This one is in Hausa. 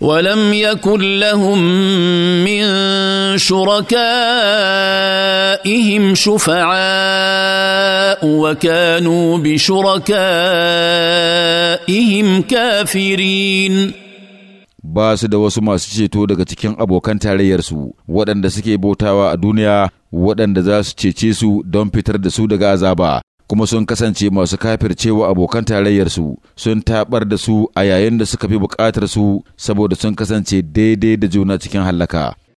ولم يكن لهم من شركائهم شفعاء وكانوا بشركائهم كافرين ba su da wasu masu ceto daga cikin abokan tarayyarsu waɗanda suke bautawa a duniya waɗanda za su cece su don fitar da su daga azaba kuma sun kasance masu kafircewa abokan tarayyarsu sun tabar da su a yayin da suka fi buƙatar su saboda sun kasance daidai da juna cikin hallaka.